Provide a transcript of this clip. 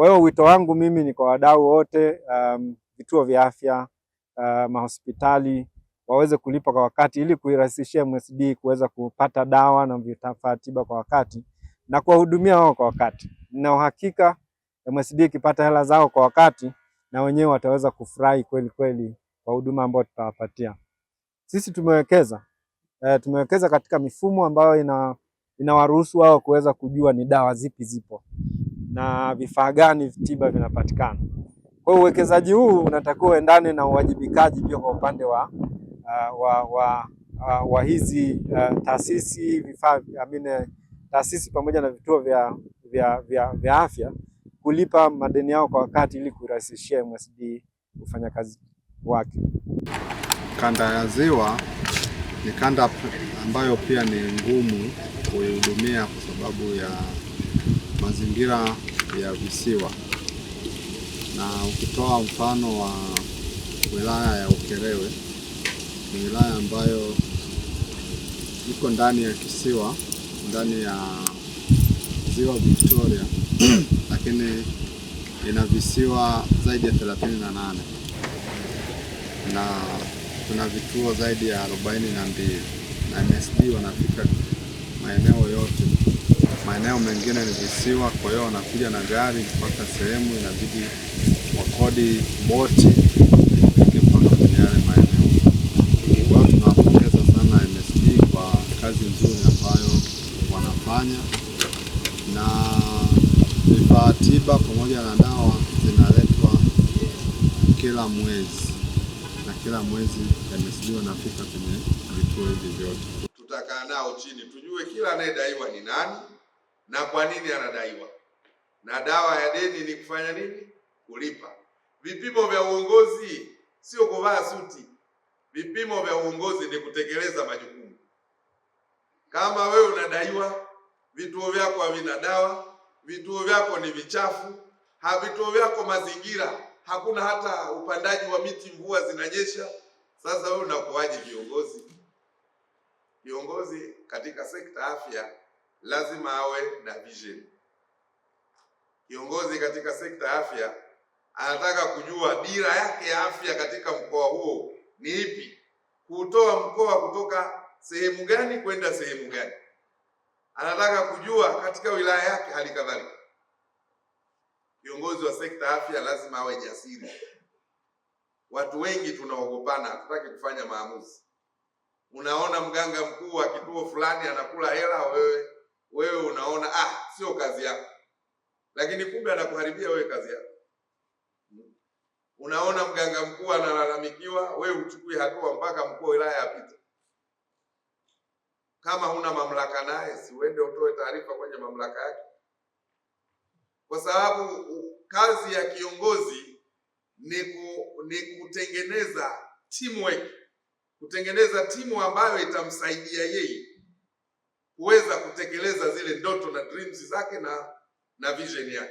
Kwa hiyo wito wangu mimi ni kwa wadau wote, um, vituo vya afya uh, mahospitali waweze kulipa kwa wakati ili kuirahisishia MSD kuweza kupata dawa na vifaa tiba kwa wakati na kuwahudumia wao kwa wakati. Na uhakika MSD ikipata hela zao kwa wakati, na wenyewe wataweza kufurahi kweli kweli kwa huduma ambayo tutawapatia. Sisi tumewekeza e, tumewekeza katika mifumo ambayo ina inawaruhusu wao kuweza kujua ni dawa zipi zipo na vifaa gani tiba vinapatikana. Kwa hiyo uwekezaji huu unatakiwa uendane na uwajibikaji pia kwa upande wa, uh, wa, wa, uh, wa hizi uh, taasisi vifaa amine, eh, taasisi pamoja na vituo vya, vya, vya, vya afya kulipa madeni yao kwa wakati ili kurahisishia MSD kufanya kazi wake. Kanda ya Ziwa ni kanda ambayo pia ni ngumu kuihudumia kwa sababu ya mazingira ya visiwa, na ukitoa mfano wa wilaya ya Ukerewe, ni wilaya ambayo iko ndani ya kisiwa, ndani ya ziwa Victoria lakini ina visiwa zaidi ya 38 na kuna vituo zaidi ya 42 na MSD wanafika maeneo mengine ni visiwa, kwa hiyo wanakuja na gari mpaka sehemu inabidi wakodi boti mpaka kwenye yale maeneo. Kwa hiyo tunawapongeza sana MSD kwa kazi nzuri ambayo wanafanya, na vifaa tiba pamoja na dawa zinaletwa kila mwezi, na kila mwezi MSD wanafika kwenye vituo hivi vyote. Tutakaa nao chini tujue kila anayedaiwa ni nani na kwa nini anadaiwa, na dawa ya deni ni kufanya nini? Kulipa. Vipimo vya uongozi sio kuvaa suti, vipimo vya uongozi ni kutekeleza majukumu. Kama wewe unadaiwa, vituo vyako havina dawa, vituo vyako ni vichafu, havituo vyako mazingira hakuna hata upandaji wa miti, mvua zinanyesha. Sasa wewe unakuwaje viongozi? Viongozi katika sekta afya lazima awe na vision. Kiongozi katika sekta ya afya anataka kujua dira yake ya afya katika mkoa huo ni ipi, kutoa mkoa kutoka sehemu gani kwenda sehemu gani, anataka kujua katika wilaya yake. Hali kadhalika kiongozi wa sekta ya afya lazima awe jasiri. Watu wengi tunaogopana, hatutaki kufanya maamuzi. Unaona mganga mkuu wa kituo fulani anakula hela, wewe wewe unaona ah, sio kazi yako, lakini kumbe anakuharibia wewe kazi yako. Unaona mganga mkuu analalamikiwa, wewe uchukue hatua mpaka mkuu wa wilaya apite. Kama huna mamlaka naye, si uende utoe taarifa kwenye mamlaka yake, kwa sababu kazi ya kiongozi ni, ku, ni kutengeneza teamwork, kutengeneza timu ambayo itamsaidia yeye kuweza kutekeleza zile ndoto na dreams zake na na vision yake.